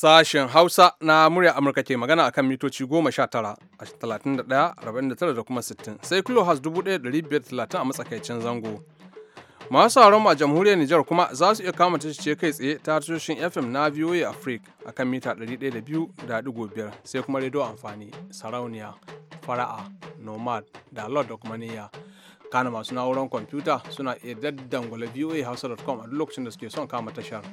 Sashen Hausa na murya Amurka ke magana akan mitoci 19, 31, 49 da kuma 60, sai kilohas 1530 a matsakaicin zango. Masu sauran a jamhuriyar Nijar kuma za su iya kama ce kai tsaye ta tashoshin FM na VOA Africa akan mita da 102.5 sai kuma rediyo amfani, sarauniya, fara'a, nomad, da lord da kuma niyya. kana masu na'urar kwamfuta suna iya daddangwala voahausa.com a duk lokacin da suke son kama tashar.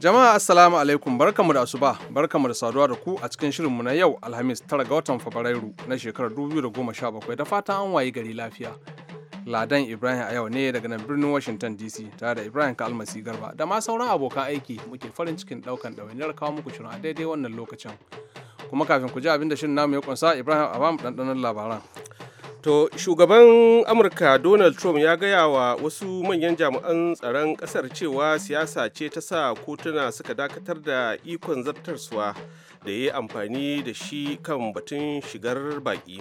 Jama'a Assalamu alaikum barkamu da asuba barkamu da saduwa da ku a cikin shirin mu na yau Alhamis tara ga watan Fabrairu na shekarar 2017 da fatan an wayi gari lafiya. Ladan Ibrahim a yau ne daga nan birnin Washington DC tare da Ibrahim Kalmasi Garba da ma sauran abokan aiki muke farin cikin daukan ɗawainiyar kawo muku shirin a daidai wannan lokacin. Kuma kafin ku ji abin da shirin namu ya kunsa Ibrahim a bamu ɗanɗanon labaran. To shugaban Amurka Donald Trump ya gaya wa wasu manyan jami'an tsaron ƙasar cewa siyasa ce ta sa kotuna suka dakatar da ikon zartarsuwa da ya yi amfani da shi kan batun shigar baƙi.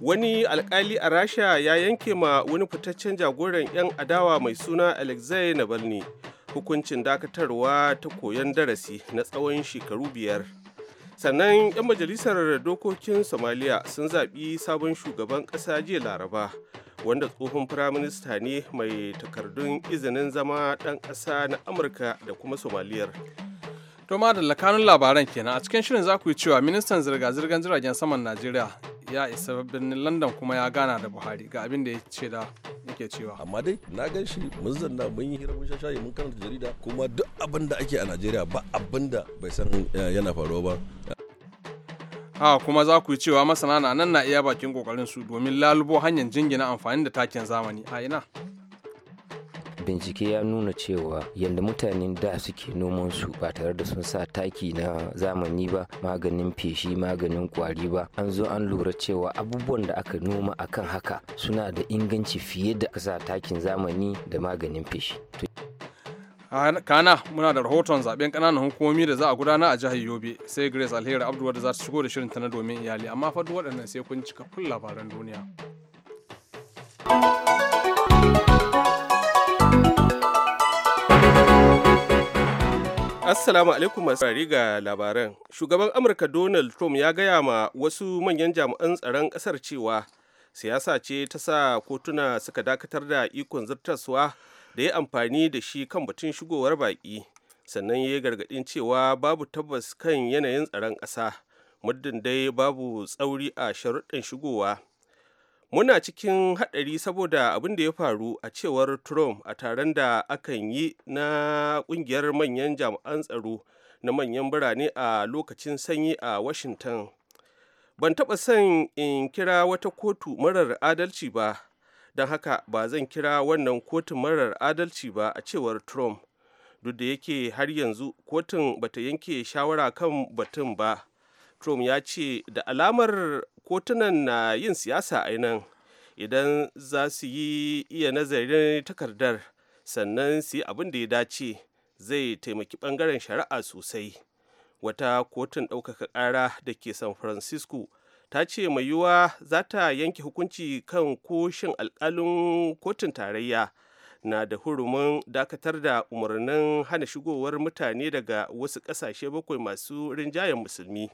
Wani alkali a Rasha ya yanke ma wani fitaccen jagoran 'yan adawa mai suna Alexei Navalny hukuncin dakatarwa ta koyon darasi na tsawon shekaru biyar. sannan 'yan majalisar dokokin somaliya sun zaɓi sabon shugaban ƙasa jiya laraba wanda tsohon firaminista ne mai takardun izinin zama ɗan ƙasa na amurka da kuma somaliyar to da lakanun labaran kenan a cikin shirin za ku yi cewa ministan zirga-zirgar jiragen saman najeriya ya isa birnin london kuma ya gana da buhari ga abin da ya ce da yake cewa amma dai na gan shi mun zanna mun yi hira mun shayi mun karanta jarida kuma duk abin da ake a najeriya ba abin da bai san eh, yana faruwa ba a kuma za ku yi cewa masana na nan na iya bakin kokarin su domin lalubo hanyar jingina amfani da takin zamani a ina bincike ya nuna cewa yadda mutanen da suke noman su ba tare da sun sa taki na zamani ba maganin feshi maganin kwari ba an zo an lura cewa abubuwan da aka noma akan haka suna da inganci fiye da sa takin zamani da maganin feshi ah, kana muna da rahoton zaben kananan hukumomi da za a gudana a jihar yobe sai grace alheri abduwa da za ta shigo da shirin ta na domin iyali amma fa duk waɗannan sai kun cika kun labaran duniya Assalamu alaikum masu ga labaran. Shugaban Amurka Donald Trump ya gaya ma wasu manyan jami'an tsaron ƙasar cewa siyasa ce ta sa kotuna suka dakatar da ikon zartaswa da ya amfani da shi kan batun shigowar baƙi. Sannan ya gargaɗin cewa babu tabbas kan yanayin tsaron ƙasa, muddin dai babu tsauri a sharuɗin shigowa. muna cikin haɗari saboda abin da ya faru a cewar trump a taron da akan yi na ƙungiyar manyan jami'an tsaro na manyan birane a lokacin sanyi a washington ban taɓa son in kira wata kotu marar adalci ba don haka ba zan kira wannan kotun marar adalci ba a cewar trump duk da yake har yanzu kotun bata yanke shawara kan batun ba trump ya ce da alamar kotunan na yin siyasa a nan idan za su yi iya nazarin takardar sannan su yi abin da ya dace zai taimaki bangaren shari'a sosai wata kotun ɗaukaka ƙara da ke san francisco ta ce mai yiwuwa za ta yanke hukunci kan koshin alkalin kotun tarayya na da hurumin dakatar da umarnin hana shigowar mutane daga wasu ƙasashe bakwai masu rinjayen musulmi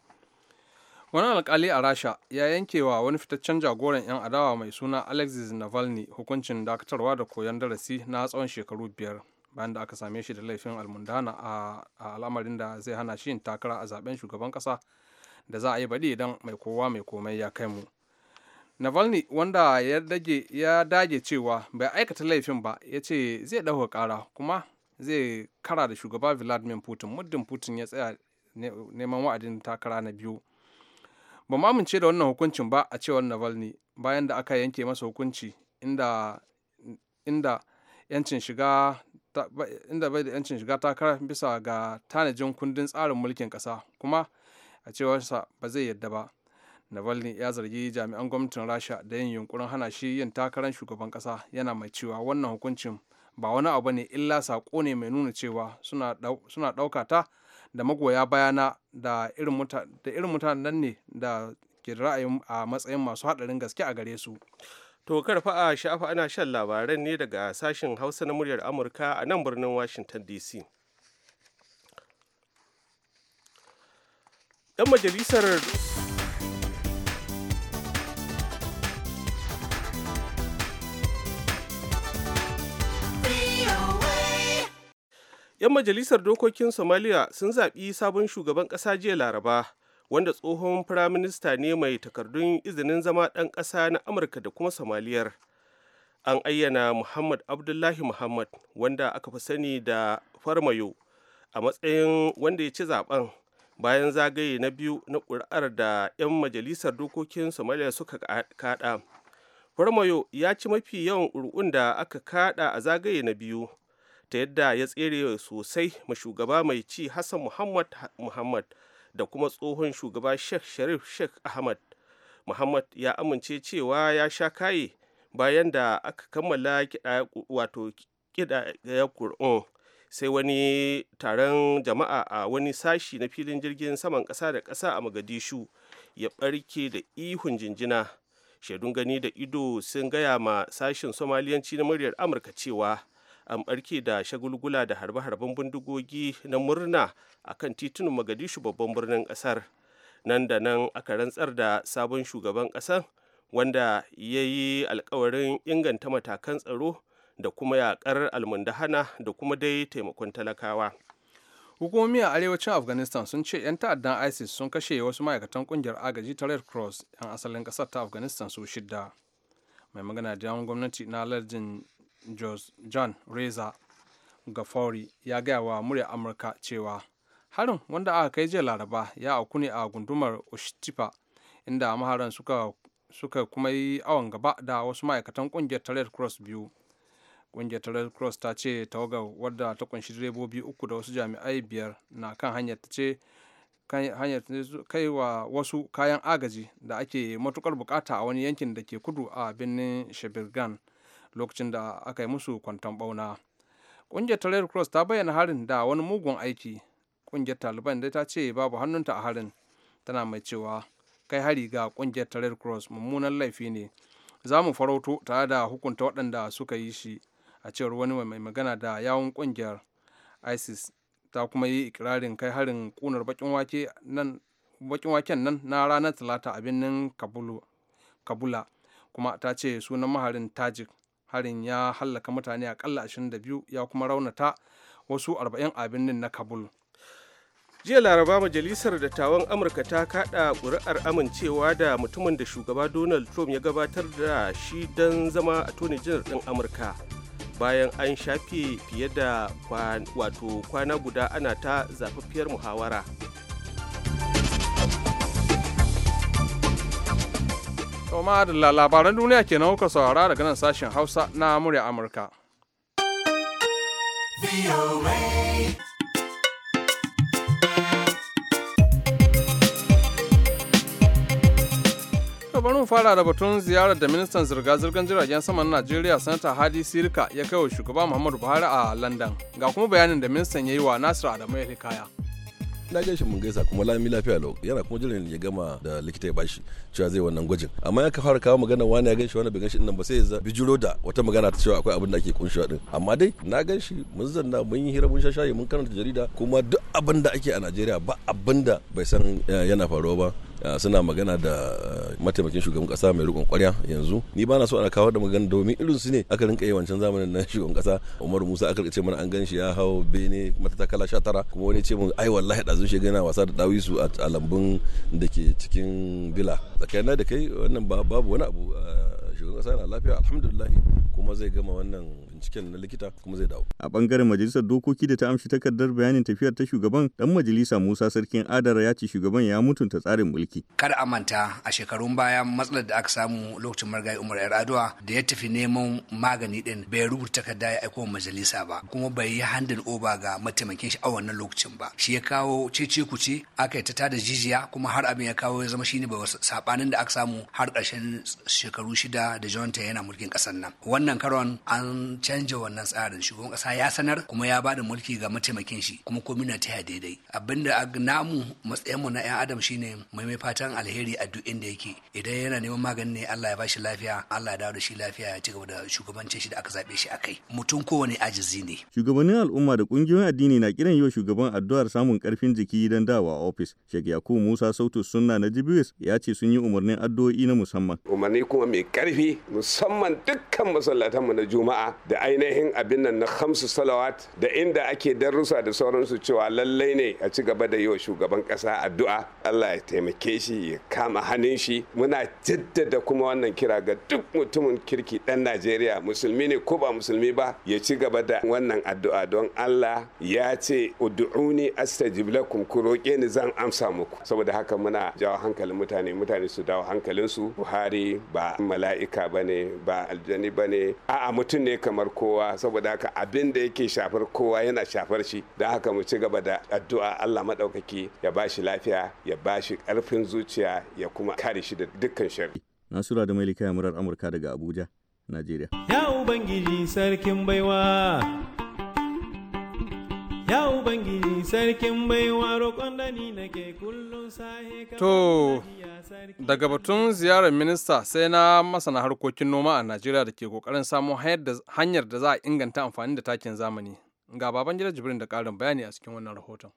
wani alkali a rasha ya yankewa wani fitaccen jagoran 'yan adawa mai suna alexis navalny hukuncin dakatarwa da koyon darasi na tsawon shekaru biyar bayan da aka same shi da laifin almundana a al'amarin da zai hana shi yin takara a zaben shugaban kasa da za a yi baɗi idan mai kowa mai komai ya kai mu navalny wanda ya dage cewa bai aikata laifin ba ya ce zai ɗauka ƙara kuma zai kara da shugaba vladimir putin muddin putin ya tsaya neman wa'adin takara na biyu ba mu amince da wannan hukuncin ba a cewar navalny bayan da aka yanke masa hukunci inda bai da yancin shiga takara bisa ga tanajin kundin tsarin mulkin kasa kuma a cewarsa ba zai yadda ba navalny ya zargi jami'an gwamnatin rasha da yin yunkurin hana shi yin takarar shugaban kasa yana mai cewa wannan hukuncin ba wani abu ne illa sako ne mai nuna cewa suna ɗauka ta da magoya bayana da irin mutanen ne da ke da ra'ayin a matsayin masu haɗarin gaske a gare su. To karfa a sha'afa ana shan labaran ne daga sashen Hausa na muryar Amurka a nan birnin Washington DC. Ɗan majalisar 'Yan majalisar dokokin Somaliya sun zaɓi sabon shugaban ƙasa jiya Laraba, wanda tsohon firaminista ne mai takardun izinin zama ɗan ƙasa na Amurka da kuma Somaliyar. An ayyana Muhammad Abdullahi Muhammad, wanda aka fi sani da Farmayo, a matsayin wanda ya ci zaben bayan zagaye na biyu na ƙuri'ar da 'yan majalisar dokokin Somaliya suka kaɗa. Farmayo ya ci mafi yawan ƙuri'un da aka kaɗa a zagaye na biyu. ta yadda ya tsere sosai ma shugaba mai ci hassan muhammad muhammad da kuma tsohon shugaba sheikh sharif sheikh ahmad muhammad ya amince cewa ya sha kaye bayan da aka kammala wato ya kur'un sai wani taron jama'a a wani sashi na filin jirgin saman ƙasa da ƙasa a magadishu ya ɓarke da ihun jinjina shaidun gani da ido sun gaya ma sashin somaliyanci na muryar amurka cewa an barke da shagulgula da harbe-harben bindigogi na murna a kan titunan magadishu babban birnin kasar nan da nan aka rantsar da sabon shugaban kasar wanda ya yi alkawarin inganta matakan tsaro da kuma yakar almundahana da kuma dai taimakon talakawa hukumomi a arewacin afghanistan sun ce 'yan ta'addan isis sun kashe wasu ma'aikatan kungiyar agaji ta red cross 'yan asalin kasar ta afghanistan su shidda mai magana da gwamnati na lardin john reza gafauri ya gaya wa murya amurka cewa harin wanda aka kai jiya laraba ya auku ne a gundumar ushtipa inda maharan suka suka kuma yi awon gaba da wasu ma'aikatan kungiyar ta red cross biyu kungiyar ta red cross ta ce tawagar wadda ta kunshi direbobi uku da wasu jami'ai biyar na kan hanyar ta ce hanyar kai wa wasu kayan agaji da ake matukar bukata a wani yankin da ke kudu a birnin shebirgan lokacin da aka yi musu kwanton bauna ƙungiyar ta red cross ta bayyana harin da wani mugun aiki ƙungiyar taliban da ta ce babu hannunta a harin tana mai cewa kai hari ga ƙungiyar ta red cross mummunan laifi ne za mu farauto tare da hukunta waɗanda suka yi shi a cewar wani mai magana da yawon ƙungiyar isis ta kuma yi ikirarin kai harin ƙunar bakin wake nan bakin waken nan na ranar talata a birnin kabula kuma ta ce sunan maharin tajik harin ya hallaka mutane akalla 22 ya kuma raunata wasu 40 a birnin na kabul jiya laraba majalisar dattawan amurka ta kada kuri'ar amincewa da mutumin da shugaba donald trump ya gabatar da shi don zama attorney general din amurka bayan an shafe fiye da wato kwana guda ana ta zafaffiyar muhawara To da labaran duniya kenan kuka saurara daga nan sashen Hausa na murya Amurka. bari mu fara da batun ziyarar da ministan zirga-zirgar jiragen na Najeriya Sanata Hadi Sirika ya kai wa shugaba Muhammadu Buhari a London. Ga kuma bayanin da ministan ya yi wa Nasiru Adamu ya Hikaya. na gaishe mun gaisa kuma lami lafiya lau yana kuma jiran ya gama da likita ya bashi cewa zai wannan gwajin amma ya fara kawo magana wani ya ganshi wani bai ganshi nan ba sai ya bijiro da wata magana ta cewa akwai abin da ake kunshiwa din amma dai na ganshi mun zanna mun yi hira mun shashaye mun karanta jarida kuma duk abin da ake a Najeriya ba abin da bai san eh, yana faruwa ba Eh, suna magana da eh, mataimakin shugaban kasa mai rikon kwarya yanzu ni ba na so ana kawo da magana domin irin su ne aka rinka yi wancan zamanin na shugaban kasa Umar Musa aka ce mana an gan shi ya hau bene sha 19 kuma wani ce mun ai wallahi da zuciya gana wasa da dawisu a lambun da ke cikin bila tsakanin da kai wannan babu wani abu eh, shugaban kasa na lafiya alhamdulillah kuma zai gama wannan binciken na likita kuma zai dawo a bangaren majalisar dokoki da ta amshi takardar bayanin tafiyar ta shugaban dan majalisa Musa Sarkin Adara ya ce shugaban ya mutunta tsarin mulki kar a manta a shekarun baya matsalar da aka samu lokacin margayi Umar Yar'adua da ya tafi neman magani din bai rubuta takarda ya aiko majalisa ba kuma bai yi handin oba ga mataimakin shi a wannan lokacin ba shi ya kawo cece kuce aka yi ta tada jijiya kuma har abin ya kawo ya zama shine ba sabanin da aka samu har karshen shekaru shida da Jonta yana mulkin ƙasar nan wannan karon an canza canja wannan tsarin shugaban kasa ya sanar kuma ya bada mulki ga mataimakin shi kuma komi na taya daidai abinda namu matsayin mu na yan adam shine mai mai fatan alheri a duk inda yake idan yana neman magani ne Allah ya bashi lafiya Allah ya dawo da shi lafiya ya ci gaba da shugabancin shi da aka zabe shi akai mutum kowane ajizi ne shugabannin al'umma da kungiyoyin addini na kiran yau shugaban addu'ar samun karfin jiki don dawa a ofis Sheikh Yakubu Musa Sautu Sunna na Jibiris ya ce sun yi umarnin addu'o'i na musamman umarni kuma mai karfi musamman dukkan masallatanmu na juma'a da da ainihin abin nan na hamsu salawat da inda ake darussa da sauransu cewa lallai ne a ci gaba da yi wa shugaban kasa addu'a Allah ya taimake shi ya kama hannun shi muna jaddada kuma wannan kira ga duk mutumin kirki dan Najeriya musulmi ne ko ba musulmi ba ya ci gaba da wannan addu'a don Allah ya ce ud'uni astajib lakum ku roƙe ni zan amsa muku saboda haka muna jawo hankalin mutane mutane su dawo hankalinsu Buhari ba mala'ika bane ba aljani bane a'a mutum ne kamar shafar kowa saboda haka abin da yake shafar kowa yana shafar shi don haka mu ci gaba da addu'a Allah maɗaukaki ya ba shi lafiya ya ba shi ƙarfin zuciya ya kuma kare shi da dukkan shari. Nasura da likaya murar Amurka daga Abuja, Najeriya. Ya Ubangiji sarkin baiwa. Ya Ubangiji sarkin baiwa roƙon da ni nake kullum sahe To Daga batun ziyarar minista sai na masana harkokin noma a Najeriya da ke kokarin samo hanyar da za a inganta amfani da takin zamani. Ga baban gida Jibrin da karin bayani a cikin wannan rahoton.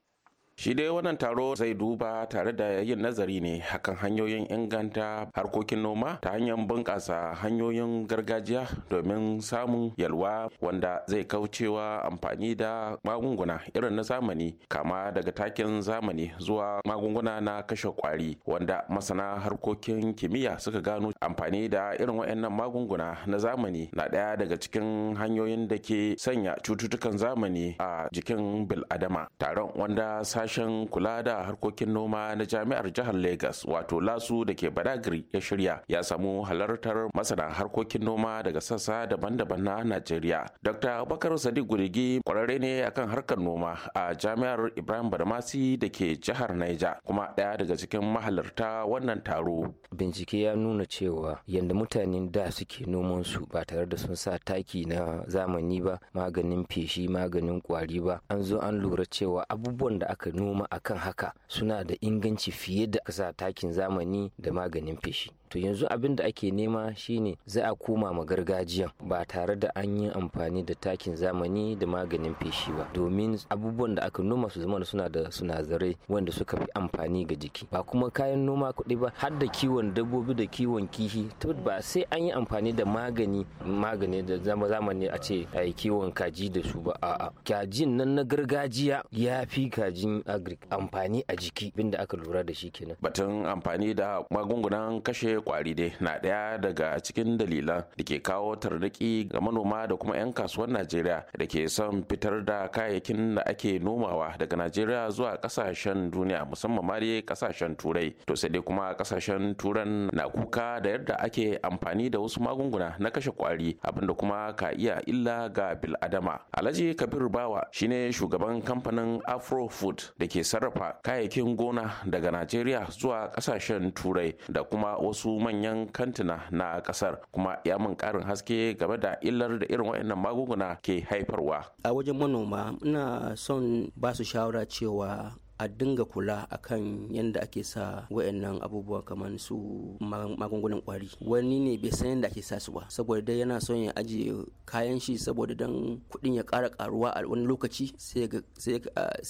shi dai wannan taro zai duba tare da yin nazari ne hakan hanyoyin inganta harkokin noma ta hanyar bunƙasa hanyoyin gargajiya domin samun yalwa wanda zai kaucewa amfani da magunguna irin na zamani kama daga takin zamani zuwa magunguna na kashe kwari wanda masana harkokin kimiyya suka gano amfani da irin waɗannan magunguna na zamani na ɗaya daga cikin hanyoyin da ke sanya cututtukan zamani a jikin bil'adama taron wanda sashen kula da harkokin noma na jami'ar jihar Legas wato Lasu da ke Badagri ya shirya ya samu halartar masana harkokin noma daga sassa daban-daban na Najeriya. Dr. Bakar Sadiq Gurigi kwararre ne akan harkar noma a jami'ar Ibrahim Badamasi da ke jihar Naija kuma ɗaya daga cikin mahalarta wannan taro. Bincike ya nuna cewa yadda mutanen da suke noman su ba tare da sun sa taki na zamani ba maganin feshi maganin kwari ba an zo an lura cewa abubuwan da aka noma akan haka suna da inganci fiye da kasa takin zamani da maganin feshi to yanzu abin da ake nema shine za a koma ma gargajiyan ba tare da an yi amfani da takin zamani da maganin feshi ba domin abubuwan da aka noma su zama suna da sinadarai wanda suka fi amfani ga jiki ba kuma kayan noma kuɗi ba har da kiwon dabbobi da kiwon kihi to ba sai an yi amfani da magani magani da zama zamani a ce a yi kiwon kaji da su ba a'a kajin nan na gargajiya ya fi kajin agric amfani a jiki abinda aka lura da shi kenan batun amfani da magungunan kashe kwari dai na ɗaya daga cikin dalilan da ke kawo tarnaki ga manoma da kuma 'yan kasuwar najeriya da ke son fitar da kayayyakin da ake nomawa daga najeriya zuwa kasashen duniya musamman ma dai kasashen turai to sai dai kuma kasashen turan na kuka da yadda ake amfani da wasu magunguna na kashe kwari abinda kuma ka iya illa ga biladama alhaji kabir bawa shine shugaban kamfanin afro food da ke sarrafa kayayyakin gona daga najeriya zuwa kasashen turai da kuma wasu wasu manyan kantuna na kasar kuma ya mun karin haske game da illar da irin waɗannan magunguna ke haifarwa a wajen manoma ina son ba su shawara cewa a dinga kula a kan yadda ake sa wayannan abubuwa kamar su magungunan kwari wani ne bai san yadda ake sa su ba saboda dai yana son ya ajiye kayan shi saboda dan kuɗin ya kara karuwa a wani lokaci sai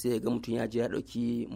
ya ga mutum ya je ya ɗauki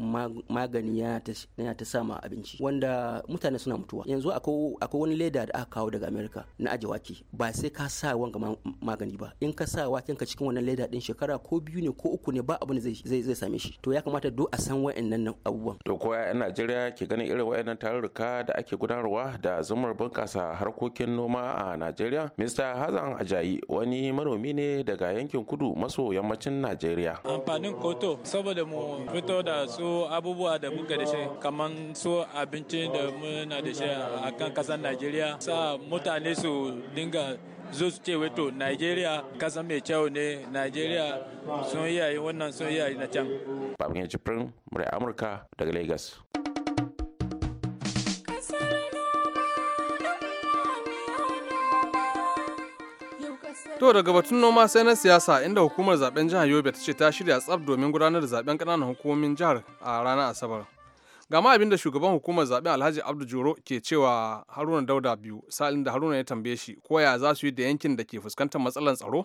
magani ya ta sama abinci wanda mutane suna mutuwa yanzu akwai wani leda da aka kawo daga america na aje wake ba sai ka sa wanga magani ba in ka sa waken ka cikin wannan leda din shekara ko biyu ne ko uku ne ba abin zai same shi to ya kamata duk a san wa'annan abubuwan to koya yan najeriya ke ganin irin wa'annan tarurruka da ake gudanarwa da zumar bunkasa harkokin noma a najeriya mr hazan ajayi wani manomi ne daga yankin kudu maso yammacin najeriya amfanin koto saboda mu fito da su abubuwa da muka da shi kamar su abinci da muna da shi a kan ƙasar najeriya sa mutane su dinga zo su ce wato nigeria kasa mai kyau ne nigeria sun yayi wannan sun yayi na can. Babin ya cifrin murai Amurka daga Lagos. To daga batun noma sai na siyasa inda hukumar zaben jihar Yobe ta ce ta shirya tsaf domin gudanar da zaben ƙananan hukumomin jihar a ranar Asabar. gama abin da shugaban hukumar zaɓen alhaji abdu joro ke cewa haruna dauda biyu sa'ilin da haruna ya tambaye shi ko ya za su yi da yankin da ke fuskantar matsalar tsaro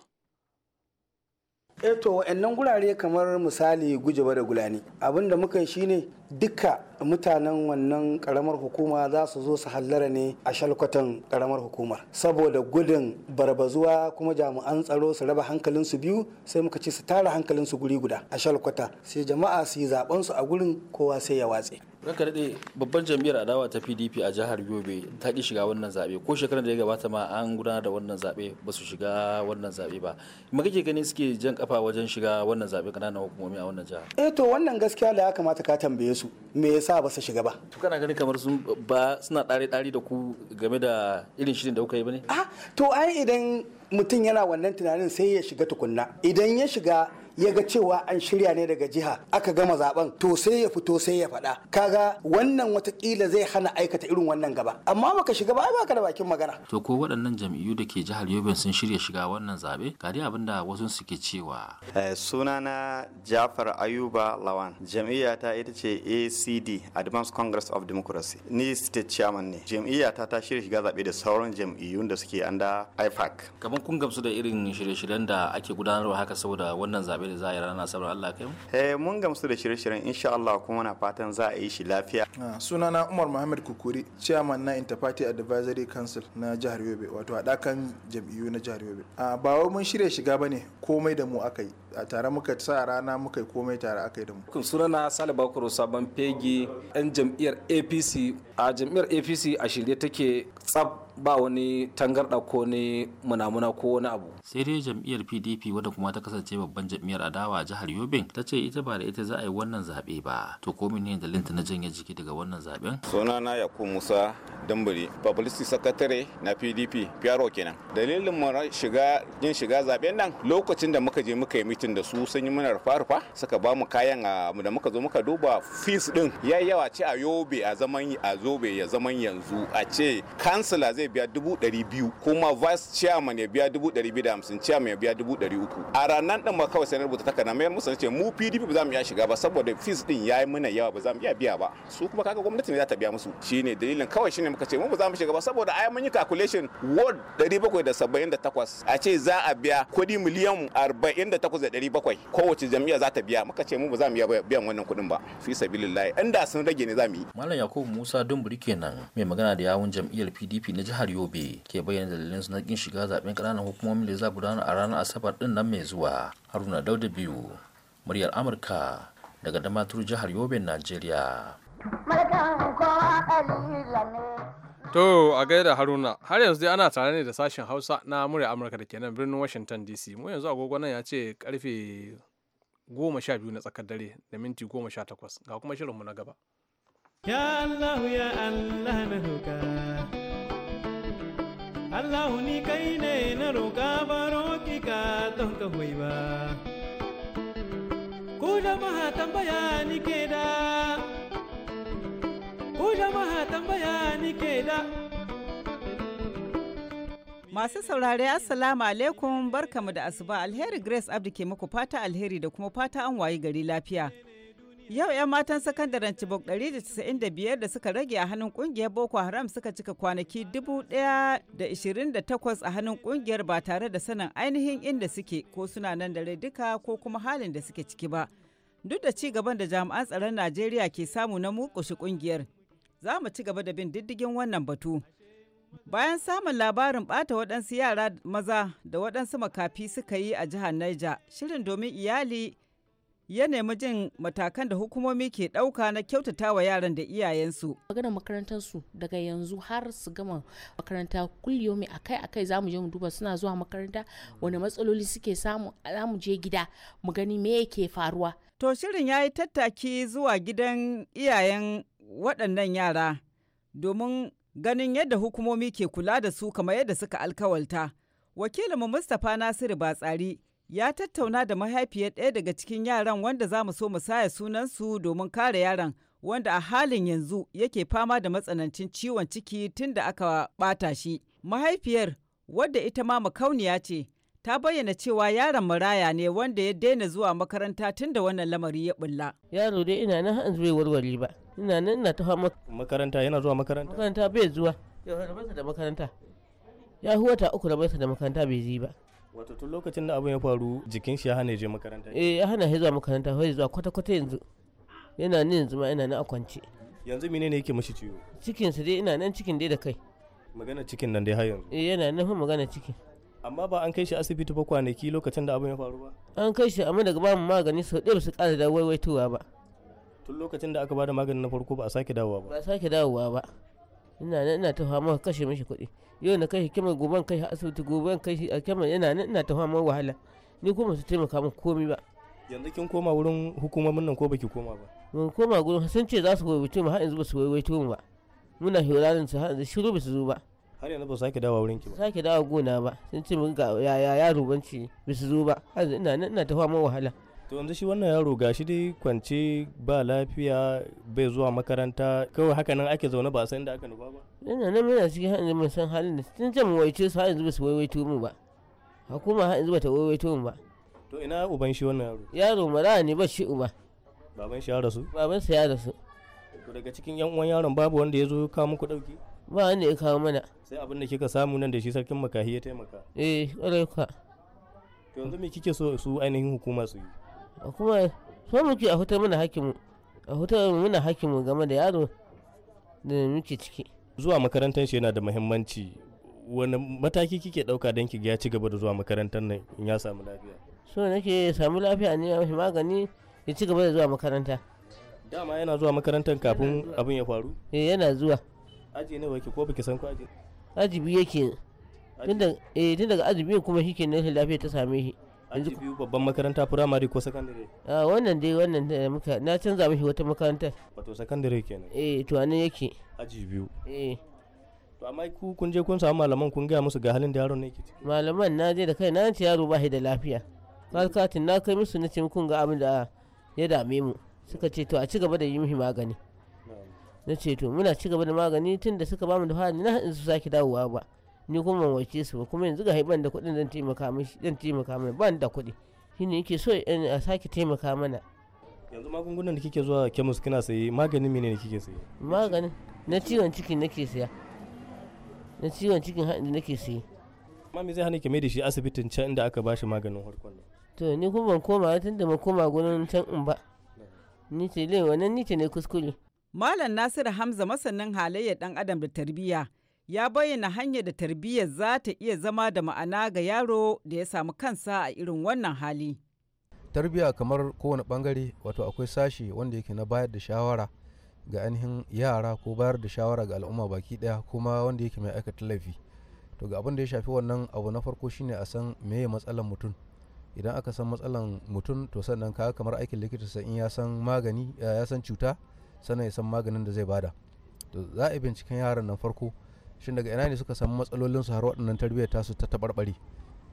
eto eh to wa'annan gurare kamar misali gujaba da gulani abin da muka yi shine duka mutanen wannan karamar hukuma za su zo su hallara ne a shalkwatan karamar hukumar saboda gudun barbazuwa kuma jami'an tsaro su raba hankalin su biyu sai muka ce su tara hankalin su guri guda a shalkwata sai jama'a su yi zaben su a gurin kowa sai ya watse ranka daɗe babban jam'iyyar adawa ta pdp a jihar yobe ta ƙi shiga wannan zaɓe ko shekarar da ya gabata ma an gudanar da wannan zaɓe ba su shiga wannan zaɓe ba ma kake ganin suke jan kafa wajen shiga wannan zaɓe ƙananan hukumomi a wannan jihar eh to wannan gaskiya da ya kamata ka tambaye su me yasa ba su shiga ba to kana ganin kamar sun ba suna ɗare ɗari da ku game da irin shirin da kuka yi ba ne ah to ai idan mutum yana wannan tunanin sai ya shiga tukunna idan ya shiga ya ga cewa an shirya ne daga jiha aka gama zaben to sai ya fito sai ya faɗa kaga wannan watakila zai hana aikata irin wannan gaba amma baka shiga ba ai baka da bakin magana to ko waɗannan jam'iyyu da ke jihar Yobe sun shirya shiga wannan zabe ga dai abin da wasu suke cewa eh, sunana Jafar Ayuba Lawan jam'iyyata ita ce ACD Advanced Congress of Democracy ni state chairman ne jam'iyyata ta shirya shiga zabe da sauran jam'iyyun da suke anda IFAC kaman kun gamsu da irin shirye-shiryen da ake gudanarwa haka saboda wannan zabe da za a yi rana Allah kai mu eh mun gamsu da shirye-shiryen insha Allah kuma na fatan za a yi shi lafiya ah, sunana Umar Muhammad Kukuri chairman na Interparty Advisory Council na jihar Yobe wato haɗakan jam'iyyu na jihar Yobe ah, ba wai mun shirya shiga ba bane komai da mu aka yi a tare muka sa rana muka yi komai tare aka yi da mu sunana Sale Bakuru Sabon Fegi yan jam'iyyar APC a jam'iyyar APC a shirye take tsab ba wani tangarɗa ko ne munamuna ko wani abu. sai dai jam'iyyar pdp wadda kuma ta kasance babban jam'iyyar adawa a jihar yobin ta ce ita ba da ita za a yi wannan zaɓe ba to ko ne dalilin ta na janye jiki daga wannan zaɓen. sunana yakub musa dambari publicity secretary na pdp pyaro kenan dalilin mu shiga yin shiga zaɓen nan lokacin da muka je muka yi mitin da su sun yi mana rufa-rufa suka ba mu kayan ah, da muka zo muka duba fees din ya yawa ce a yobe a zaman a zobe ya zaman yanzu a ce kan kansila zai biya dubu ɗari biyu kuma vice chairman ya biya dubu ɗari biyu da hamsin chairman ya biya dubu ɗari uku a ranar ɗin ma kawai sai na rubuta takarda mayar musu ce mu pdp ba za mu iya shiga ba saboda fees ɗin ya yi mana yawa ba za mu iya biya ba su kuma kaga gwamnati ne za ta biya musu shine dalilin kawai shine muka ce mu ba za mu shiga ba saboda ai mun yi calculation ward ɗari bakwai da saba'in da takwas a ce za a biya kuɗi miliyan arba'in da takwas da ɗari bakwai kowace jam'iyya za ta biya muka ce mu ba za mu iya biyan wannan kuɗin ba fi sabilillahi inda sun rage ne za mu yi. Malam Yakubu Musa Dumburi kenan mai magana da yawun jam'iyyar PDP pdp na jihar yobe ke bayyana dalilin su na kin shiga zaben ƙananan hukumomin da za gudana a ranar asabar din nan mai zuwa haruna dauda biyu muryar amurka daga damaturu jihar yobe najeriya To a gaida Haruna, har yanzu dai ana tare ne da sashen Hausa na murya Amurka da nan birnin Washington DC. Mu yanzu agogo nan ya ce karfe goma sha biyu na tsakar dare da minti goma sha takwas. Ga kuma shirinmu na gaba. Ya Allah ya Allah na hukar. Allah ni kai ne na roƙa baro ki ka don ka hoyi ba. Ku jama'a tambaya ke da, ku jama'a Masu saurare Assalamu alaikum barkamu da asuba alheri Grace Abdi ke muku fata alheri da kuma fata an wayi gari lafiya. Yau 'yan matan sakandaren Chibok 195 da suka rage a hannun kungiyar Boko Haram suka cika kwanaki 1,028 a hannun kungiyar ba tare da sanin ainihin inda suke ko suna nan da duka ko kuma halin da suke ciki ba. Duk da ci gaban da jami'an tsaron Najeriya ke samu na murƙushe kungiyar, za mu ci gaba da bin diddigin wannan batu. Bayan samun labarin ɓata waɗansu yara maza da waɗansu makafi suka yi a jihar Niger, shirin domin iyali ya nemi jin matakan da hukumomi ke ɗauka na kyautata wa yaran da iyayensu. magana makarantarsu daga yanzu har su gama makaranta kulliyomi akai akai za mu je mu duba suna zuwa makaranta wani matsaloli suke samu za mu je gida mu gani me yake faruwa. To shirin ya yi tattaki zuwa gidan iyayen waɗannan yara domin ganin yadda hukumomi ke kula da su kamar yadda suka alkawalta. Wakilinmu Mustapha Nasiru Batsari ya tattauna da mahaifiyar ɗaya daga cikin yaran wanda za mu so mu saya sunansu domin kare yaron wanda a halin yanzu yake fama da matsanancin ciwon ciki tun da aka ɓata shi. Mahaifiyar wadda ita ma makauniya ce ta bayyana cewa yaron maraya ne wanda ya daina zuwa makaranta tun da wannan lamari ya bulla. Yaro dai ina nan an zai warware ba. Ina nan ina ta fama. Makaranta yana zuwa makaranta. Makaranta bai zuwa. Yau da makaranta. Ya huwata uku da makaranta bai zi ba. wato tun lokacin da abin ya faru jikin shi ya hana je makaranta eh ya hana zuwa makaranta bai zuwa kwata kwata yanzu yana ni yanzu ma yana ni a kwance yanzu menene yake mashi ciwo cikin sa dai ina nan cikin dai da kai magana cikin nan dai har yanzu eh yana nan fa magana cikin amma ba an kai shi asibiti ba kwanaki lokacin da abin ya faru ba an kai shi amma daga ba mu magani sau ɗaya ba su ƙara da waiwaitowa ba tun lokacin da aka bada magani na farko ba a sake dawowa ba ba a sake dawowa ba ina nan ina ta fama kashe mishi kuɗi yau na kai hikimar gobe kai asibiti gobe kai a hikimar yana nan ina ta fama wahala ni kuma su taimaka min komai ba yanzu kin koma wurin hukumomin nan ko baki koma ba mun koma gurin sun ce za su waiwaito mu har yanzu ba su waiwaito mu ba muna hirarin su har yanzu shiru ba su zo ba har yanzu ba su sake dawa wurin ki ba sake dawa gona ba sun ce mun ga yaya yaro banci ba su zo ba har yanzu ina nan ina ta fama wahala to yanzu shi wannan yaro gashi dai kwance ba lafiya bai zuwa makaranta kawai haka nan ake zaune ba san da aka nuba ba ina nan muna cikin hanyar da mun san halin da tun can waice su har yanzu ba su waiwaito mu ba hukuma har yanzu ba ta waiwaito mu ba to ina uban shi wannan yaro yaro mara ne ba shi uba baban shi ya rasu baban sa ya rasu to daga cikin yan uwan yaron babu wanda ya zo kawo muku dauki ba wanda ya kawo mana sai abin da kika samu nan da shi sarkin makahi ya taimaka eh kwarai ka to yanzu me kike so su ainihin hukuma su yi kuma so muke a hutar mana hakimu a hutar mana hakimu game da yaro da muke ciki zuwa makarantar shi yana da muhimmanci wani mataki kike dauka don ki ya ci gaba da zuwa makarantar nan in ya samu lafiya so nake samu lafiya ne mai magani ya ci gaba da zuwa makaranta dama yana zuwa makarantar kafin abin ya faru eh yana zuwa aji ne wake ko baki san ko aji aji biyu yake tun eh, daga aji biyu kuma shike ne lafiya ta same shi an ji biyu babban makaranta firamare ko sakandare ah wannan dai wannan da muka na canza mishi wata makaranta wato sakandare kenan eh to anan yake aji biyu eh to amma ku kun je kun samu malaman kun gaya musu ga halin da yaron ne yake ciki malaman na je da kai na ce yaro ba shi da lafiya kalkatin na kai musu na ce kun ga abin da ya dame mu suka ce to a ci gaba da yi mishi magani na ce to muna ci gaba da magani tun da suka bamu da fara na su sake dawowa ba ni kuma wace su ba kuma yanzu ga ban da kuɗin zan taimaka mishi zan taimaka mana ban da kuɗi shine yake so a sake taimaka mana yanzu magungunan da kike zuwa kemis kina saye maganin mene ne kike saye maganin na ciwon ciki nake saya na ciwon cikin haɗin nake saye amma me zai hana ki mai da shi asibitin can inda aka bashi maganin harkon to ni kuma ban koma tun da ma koma gurin can in ba ni ce lai wannan ni ce ne kuskure malam nasiru hamza masanin halayyar dan adam da tarbiyya ya bayyana hanyar da tarbiyyar za ta iya zama da ma'ana ga yaro da ya samu kansa a irin wannan hali. Tarbiyya kamar kowane bangare wato akwai sashi wanda yake na bayar da shawara ga ainihin yara ko bayar da shawara ga al'umma baki daya kuma wanda yake mai aikata laifi. To ga abin da ya shafi wannan abu na farko shine a san meye matsalan mutum. Idan aka san matsalan mutum to sannan ka kamar aikin likita sai in ya san magani ya san cuta sannan ya san maganin da zai bada. To za a binciken yaran nan farko. shin daga ina ne suka samu matsalolin su har waɗannan tarbiyyar su ta tabarbare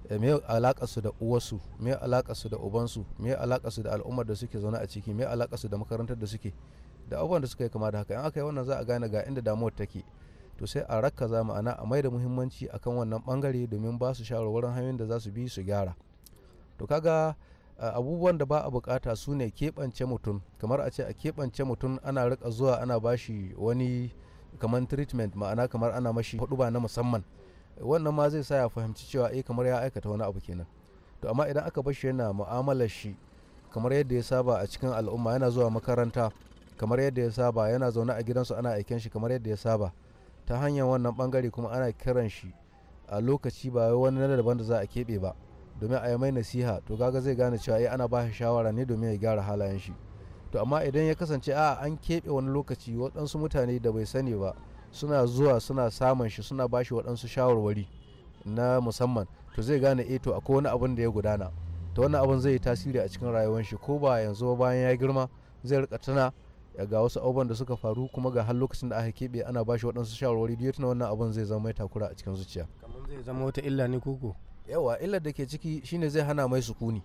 eh, me alakar su da uwarsu me alakar su da ubansu me alakar su da al'ummar da suke zaune a ciki me alakar su da makarantar da suke da abubuwan da suka yi kama da haka in aka yi wannan za a gane ga inda damuwar take to sai a rakka za ma'ana a mai da muhimmanci akan wannan bangare domin ba su shawarwarin hanyoyin da za su bi su gyara to kaga eh, abubuwan da ba a bukata su ne keɓance mutum kamar a ce a keɓance mutum ana rika zuwa ana bashi wani kamar treatment ma'ana kamar ana mashi huduba na musamman wannan ma zai sa ya fahimci cewa eh kamar ya aikata wani abu kenan to amma idan aka bashi yana mu'amalar shi kamar yadda ya saba a cikin al'umma yana zuwa makaranta kamar yadda ya saba yana zaune a gidansu ana aiken shi kamar yadda ya saba ta hanyar wannan bangare kuma ana kiran shi a lokaci ba wani na daban da za a keɓe ba domin a yi mai nasiha to gaga zai gane cewa eh ana ba shi shawara ne domin ya gyara halayen shi to amma idan ya kasance a an keɓe wani lokaci waɗansu mutane da bai sani ba suna zuwa suna samun shi suna bashi waɗansu shawarwari na musamman to zai gane eh to akwai wani abin da ya gudana to wannan abin zai yi tasiri a cikin rayuwar shi ko ba yanzu ba bayan ya girma zai rika tana ga wasu abubuwan da suka faru kuma ga har lokacin da aka keɓe ana bashi waɗansu shawarwari duk tuna wannan abin zai zama mai takura a cikin zuciya kamar zai zama wata illa ne koko yawa illar da ke ciki shine zai hana mai sukuni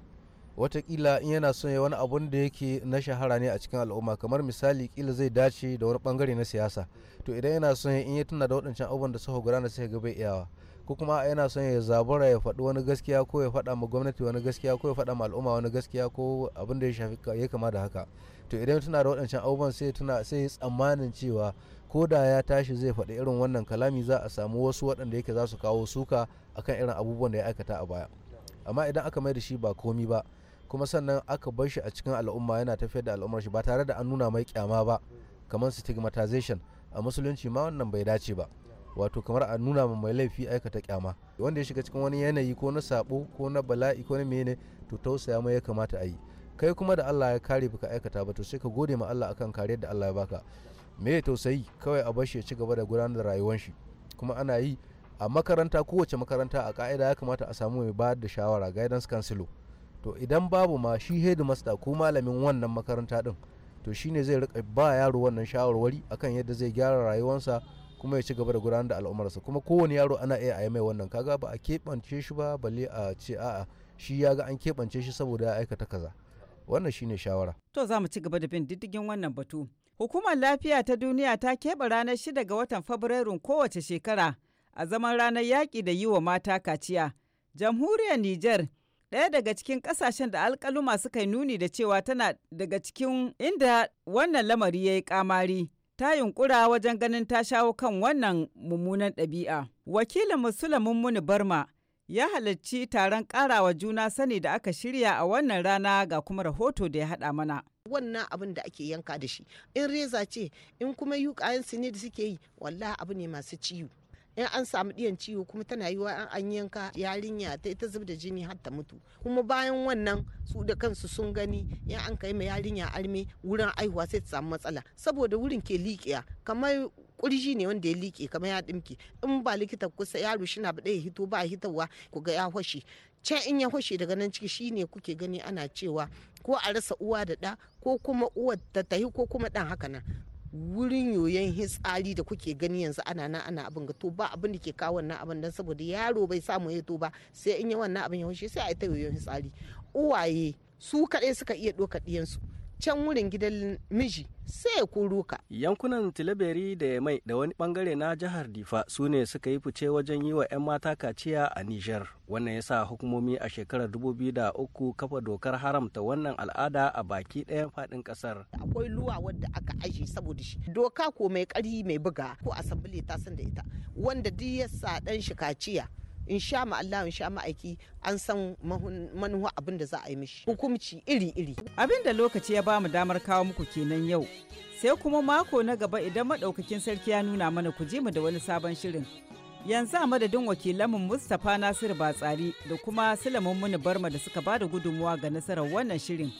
watakila in yana son ya wani abun da yake na shahara ne a cikin al'umma kamar misali kila zai dace da wani bangare na siyasa to idan yana son in ya tuna da waɗancan abubuwan da suka gudana sai ga bai iyawa ko kuma yana son ya zabura ya faɗi wani gaskiya ko ya faɗa ma gwamnati wani gaskiya ko ya faɗa ma al'umma wani gaskiya ko abin da ya shafi ya kama da haka to idan tuna da waɗancan abubuwan sai tuna sai tsammanin cewa ko da ya tashi zai faɗi irin wannan kalami za a samu wasu waɗanda yake za su kawo suka akan irin abubuwan da ya aikata a baya amma idan aka mai da shi ba komi ba kuma sannan aka bar shi a cikin al'umma yana tafiyar da al'ummar shi ba tare da an nuna mai kyama ba kamar stigmatization a musulunci ma wannan bai dace ba wato kamar a nuna ma mai laifi aikata kyama wanda ya shiga cikin wani yanayi ko na sabo ko na bala'i ko na mene to tausaya mai ya kamata a yi kai kuma da Allah ya kare baka aikata ba to sai ka gode ma Allah akan kariyar da Allah ya baka me ya tausayi kawai a bar shi ya ci gaba da gudanar da rayuwar shi kuma ana yi a makaranta kowace makaranta a ka'ida ya kamata a samu mai bayar da shawara guidance counselor to idan babu ma shi headmaster ko malamin wannan makaranta din to shine zai rika ba yaro wannan shawarwari akan yadda zai gyara rayuwarsa kuma ya ci gaba da gudanar da al'umarsa kuma kowane yaro ana iya a mai wannan kaga ba a keɓance shi ba balle a ce a'a shi ya ga an keɓance shi saboda ya aikata kaza wannan shine shawara to za mu ci gaba da bin diddigin wannan batu hukumar lafiya ta duniya ta keɓe ranar shida ga watan fabrairu kowace shekara a zaman ranar yaƙi da yi wa mata kaciya jamhuriyar niger ɗaya daga cikin ƙasashen da alƙaluma suka yi nuni da cewa tana daga cikin inda wannan lamari ya yi ƙamari. ta yunƙura wajen ganin ta shawo kan wannan mummunan ɗabi'a. Wakilin Musula Muni Barma ya halarci taron ƙarawa juna sani da aka shirya a wannan rana ga kuma rahoto da ya haɗa mana. Wannan abin da ake yanka da shi, in reza ce, in kuma yuƙayen ne da suke yi, wallah abu ne masu ciwo. in an samu ɗiyan ciwo kuma tana yi an an yanka yarinya ta ita zub da jini har ta mutu kuma bayan wannan su da kansu sun gani in an kai ma yarinya arme wurin aihuwa sai ta samu matsala saboda wurin ke liƙiya kamar kurji ne wanda ya liƙe kamar ya ɗimki in ba likita kusa yaro shi na ya hito ba hitowa ku ga ya hoshi can in ya hoshe daga nan ciki shine kuke gani ana cewa ko a rasa uwa da ɗa ko kuma uwa ta tahi ko kuma ɗan haka nan wurin yoyon hitsari da kuke gani yanzu ana nan ana abin ga to ba abin da ke kawo wannan abin dan saboda yaro bai samu ya to ba sai in yi wannan abin ya wuce sai a yi ta yoyon hitsari uwaye su kaɗai suka iya ɗoka ɗiyansu can wurin gidan miji sai ya kuro Yankunan Tilaberi da mai da wani bangare na jihar Difa su ne suka yi fice wajen yi wa 'yan mata kaciya a Nijar. Wannan ya sa hukumomi a shekarar 2003 kafa dokar haramta wannan al'ada a baki ɗayan faɗin ƙasar. Akwai luwa wadda aka aji saboda shi. Doka ko mai ƙari mai buga ko asambili ta san da ita wanda duk ya sa ɗan shi kaciya in sha ma Allah in sha ma'aiki an san manuwa abin da za a yi mishi hukumci iri-iri. Abin da lokaci ya ba mu damar kawo muku kenan yau. Sai kuma mako na gaba idan maɗaukakin sarki ya nuna mana ku ji mu da wani sabon shirin. Yanzu a madadin wakilanmu Mustapha Nasiru Batsari da kuma Sulaiman Muni Barma da suka ba da gudunmuwa ga nasarar wannan shirin.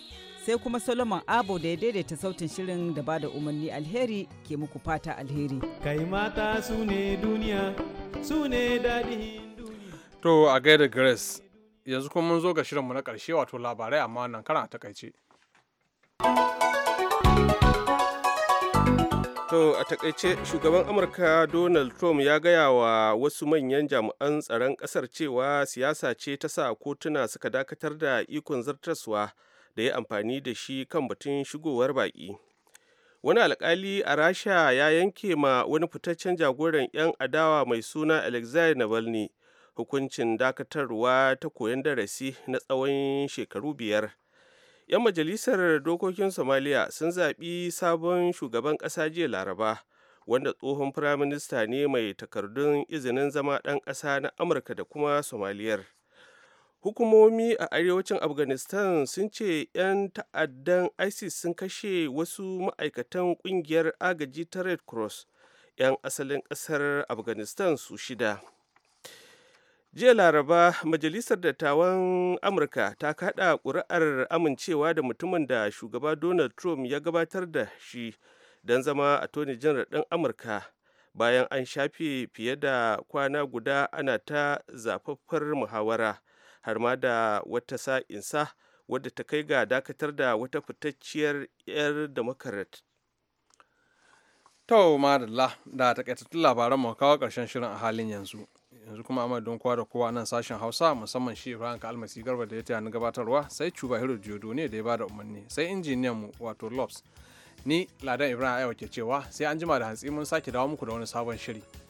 Sai kuma Solomon Abo da ya daidaita sautin shirin da ba da umarni alheri ke muku fata alheri. Kai mata su ne duniya, su ne daɗi. To a gaida Grace, yanzu kuma mun zo ga shirinmu na ƙarshe wato labarai amma wannan karan a takaice. To a takaice shugaban Amurka Donald Trump ya gaya wa wasu manyan jami'an tsaron ƙasar cewa siyasa ce ta sa kotuna suka dakatar da ikon zartaswa da ya amfani da shi kan batun shigowar baƙi. Wani alkali a Rasha ya yanke ma wani fitaccen jagoran 'yan adawa mai suna Alexei Navalny hukuncin dakatarwa ta koyon darasi na tsawon shekaru biyar 'yan majalisar dokokin somaliya sun zaɓi sabon shugaban ƙasa jiya laraba wanda tsohon firaminista ne mai takardun izinin zama ɗan ƙasa na amurka da kuma somaliyar hukumomi a arewacin afghanistan sun ce 'yan ta'addan isis sun kashe wasu ma'aikatan ƙungiyar agaji ta red cross 'yan asalin ƙasar afghanistan su shida jiya laraba majalisar dattawan amurka ta kada kuri'ar amincewa da mutumin da shugaba donald trump ya gabatar da shi don zama a tony general ɗin amurka bayan an shafe fiye da kwana guda ana ta zafaffar muhawara har ma da wata sa'insa wadda ta kai ga dakatar da wata fitacciyar 'yar democrat to madalla da takaitattun labaran mu kawo karshen shirin a halin yanzu yanzu kuma amma don kowa da kowa nan sashen hausa musamman shi ibrahim almasi garba da ya tayani gabatarwa sai cuba hiro jodo ne da ya bada umarni sai injiniyan mu wato lobs ni ladan ibrahim ayawa ke cewa sai an jima da hantsi mun sake dawo muku da wani sabon shiri